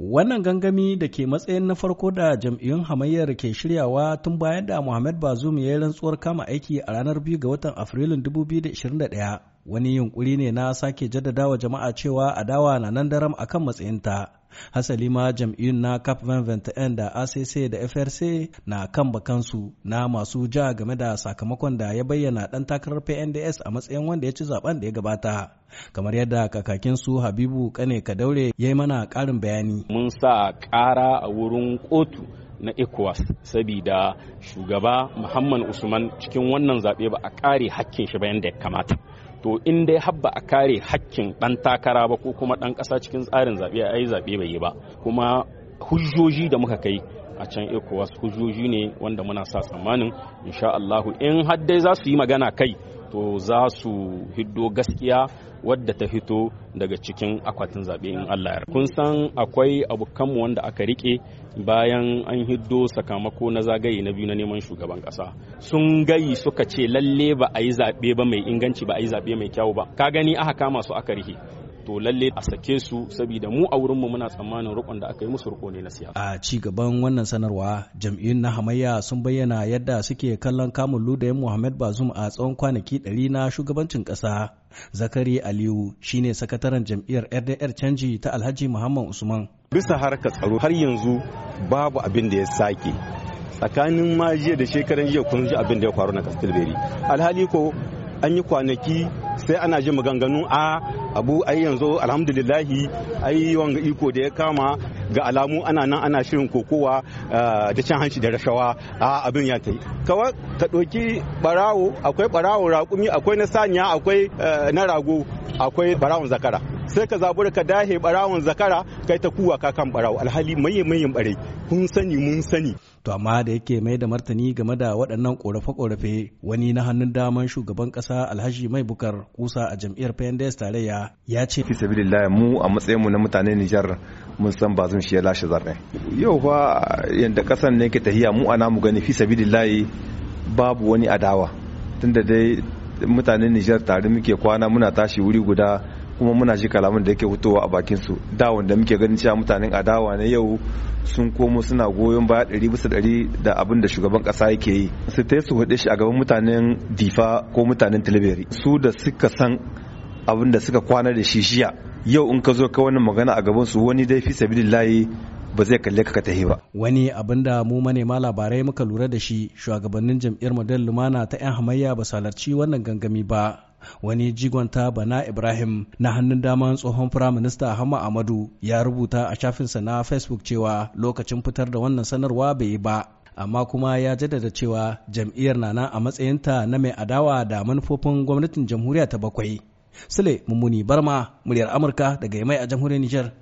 Wannan gangami da ke matsayin na farko da jam'iyyun hamayyar ke shiryawa tun bayan da Muhammad Bazoum ya yi rantsuwar kama aiki a ranar 2 ga watan Afrilun 2021 wani yunkuri ne na sake jaddada wa jama'a cewa adawa na nan daram akan matsayinta hasali ma jam'iyyun na cap 21 da acc da frc na kan bakansu na masu ja game da sakamakon da ya bayyana dan takarar pnds a matsayin wanda ya ci zaben da ya gabata kamar yadda kakakin su habibu kane kadaure ya yi mana karin bayani mun sa kara a wurin kotu na ECOWAS sabida shugaba Muhammad Usman cikin wannan zaɓe ba a ƙare hakkin shi bayan da ya kamata. to in dai habba a kare hakkin ɗan takara ba ko kuma ɗan ƙasa cikin tsarin zaɓe a yi zaɓe bai yi ba kuma hujjoji da muka kai a can wasu hujjoji ne wanda muna sa tsammanin insha Allahu in haddai za su yi magana kai to za su hiddo gaskiya wadda ta hito daga cikin akwatin zaɓe in Allah ya kun san akwai abokanmu wanda aka rike bayan an hiddo sakamako na zagaye na biyu na neman shugaban ƙasa sun gayi suka ce lalle ba a yi zaɓe ba mai inganci ba a yi zaɓe mai kyau ba ka gani aka kama su aka rihe to lalle a sake su saboda mu a wurin mu muna tsammanin rukon da aka yi musu ruko na siyasa a ci gaban wannan sanarwa jam'iyyun na hamayya sun bayyana yadda suke kallon kamun ludayin Muhammad Bazum a tsawon kwanaki ɗari na shugabancin Kasa, Zakari Aliyu shine sakataren jam'iyyar RDR canji ta Alhaji Muhammad Usman bisa harkar tsaro har yanzu babu abin da ya sake tsakanin ma jiya da shekaran jiya kun ji abin da ya faru na Castelberry alhali ko an yi kwanaki sai ana jin maganganu a abu ai yanzu alhamdulillahi ai wanga iko da ya kama ga alamu ana nan ana shirin kokowa eh, da cin hanci da rashawa a abin ya tai kawai ka ɗauki barawo akwai barawo raƙumi akwai na saniya akwai eh, na rago akwai barawun zakara sai ka zabura ka dahe barawun zakara kai ta kuwa ka kan barawo alhali maye mayin barai kun sani mun sani to amma da yake mai da martani game da waɗannan korafe-korafe wani na hannun daman shugaban kasa alhaji mai bukar kusa a jam'iyyar pnds tarayya ya ce fi sabilillah mu a matsayin mu na mutane nijar mun san zan shi ya lashe zaɓe yau fa yanda ƙasar ne ke tahiya mu ana mu gani fi sabilillah babu wani adawa tunda dai mutanen Nijar tare muke kwana muna tashi wuri guda kuma muna shi kalaman da yake fitowa a bakin su da wanda muke ganin cewa mutanen adawa na yau sun komo suna goyon baya ɗari bisa ɗari da abin da shugaban kasa yake yi su ta su hudu shi a gaban mutanen difa ko mutanen tilberi su da suka san abin da suka kwana da shi jiya yau in ka zo ka wani magana a gaban su wani dai fi layi. ba zai kalle ka tahi ba wani abin da mu manema labarai muka lura da shi shugabannin jam'iyyar model lumana ta yan hamayya ba salarci wannan gangami ba wani jigonta bana ibrahim na hannun daman tsohon firaminista hama amadu ya rubuta a shafinsa na facebook cewa lokacin fitar da wannan sanarwa bai yi ba amma kuma ya jaddada cewa jam'iyyar nana a matsayinta na mai adawa da manufofin gwamnatin jamhuriya ta bakwai. Sule Mummuni Barma, muryar Amurka daga mai a jamhuriyar Nijar.